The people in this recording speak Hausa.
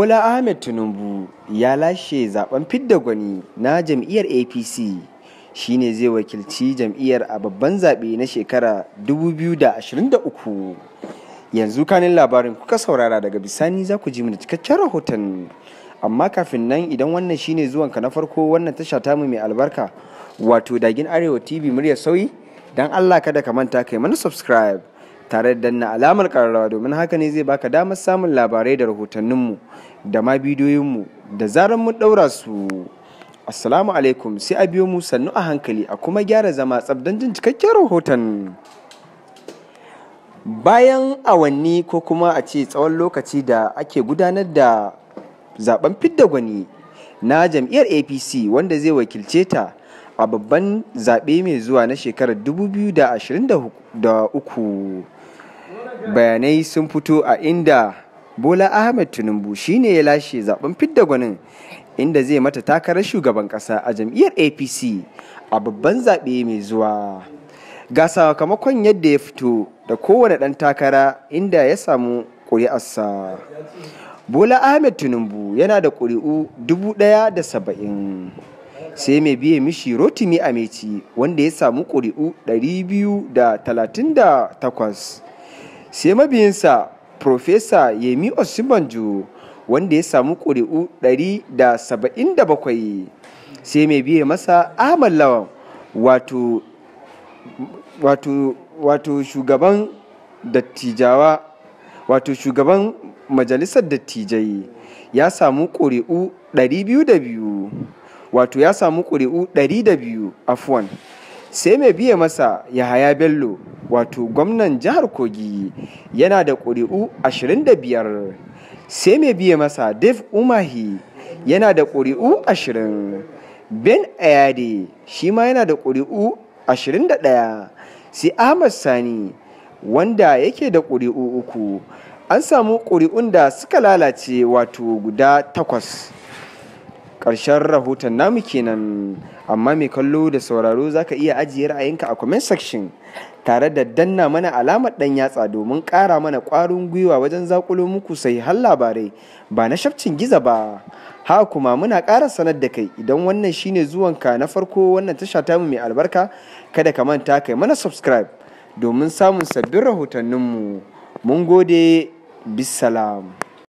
Bola Ahmed Tinubu ya lashe zaben fidda gwani na jam'iyyar APC shine zai wakilci jam'iyyar a babban zaɓe na shekara 2023. Yanzu kanin labarin kuka saurara daga bisani za ku ji mu da cikakken rahoton. Amma kafin nan idan wannan shine zuwanka na farko wannan tasha tamu mai albarka wato dagin Arewa TV murya sauyi don Allah kada ka manta kai mana subscribe. tare da danna alamar kararrawa domin haka ne zai baka damar samun labarai da rahotanninmu da ma bidiyoyinmu da zarar mun ɗaura su assalamu alaikum sai a biyo mu sannu a hankali a kuma gyara zama tsabdan jin cikakken rahoton bayan awanni ko kuma a ce tsawon lokaci da ake gudanar da zaben fidda gwani na jam'iyyar apc wanda zai wakilce ta a babban zaɓe mai zuwa na shekarar 2023 bayanai sun fito a inda bola ahmed tinubu shine ya lashe zaben fidda gwanin inda zai mata takarar shugaban kasa a jam'iyyar apc a babban zaɓe mai zuwa ga sakamakon yadda ya fito da kowane ɗan takara inda ya samu ƙuri'arsa bola ahmed tinubu yana da ƙuri'u saba'in. sai mai biye mishi rotimi ameci wanda ya samu ƙuri'u 238 sai mabiyinsa Profesa Yemi Osibanju wanda ya samu ƙuri'u 177 sai mai biye masa Ahmad Lawan wato wato wato shugaban dattijawa wato shugaban majalisar dattijai ya samu ƙuri'u 202 wato ya samu ƙuri'u 102 afuwan sai mai biye masa Yahaya Bello wato gwamnan jihar kogi yana da ƙuri'u 25 sai mai biye masa dev umahi yana da ƙuri'u 20 ben ayade shi ma yana da ƙuri'u 21 sai ahmad sani wanda yake da ƙuri'u uku an samu ƙuri'un da suka lalace wato guda takwas Karshen rahoton namu kenan amma mai kallo da sauraro zaka iya ajiye ra'ayinka a comment section tare da danna mana alamar ɗan yatsa domin kara mana kwarin gwiwa wajen zakulo muku sai har labarai ba na shafcin giza ba ha kuma muna ƙara sanar da kai idan wannan shine zuwanka na farko wannan tasha ta mu mai albarka kada ka manta kai mana subscribe domin samun sabbin rahotanninmu mun gode bisalam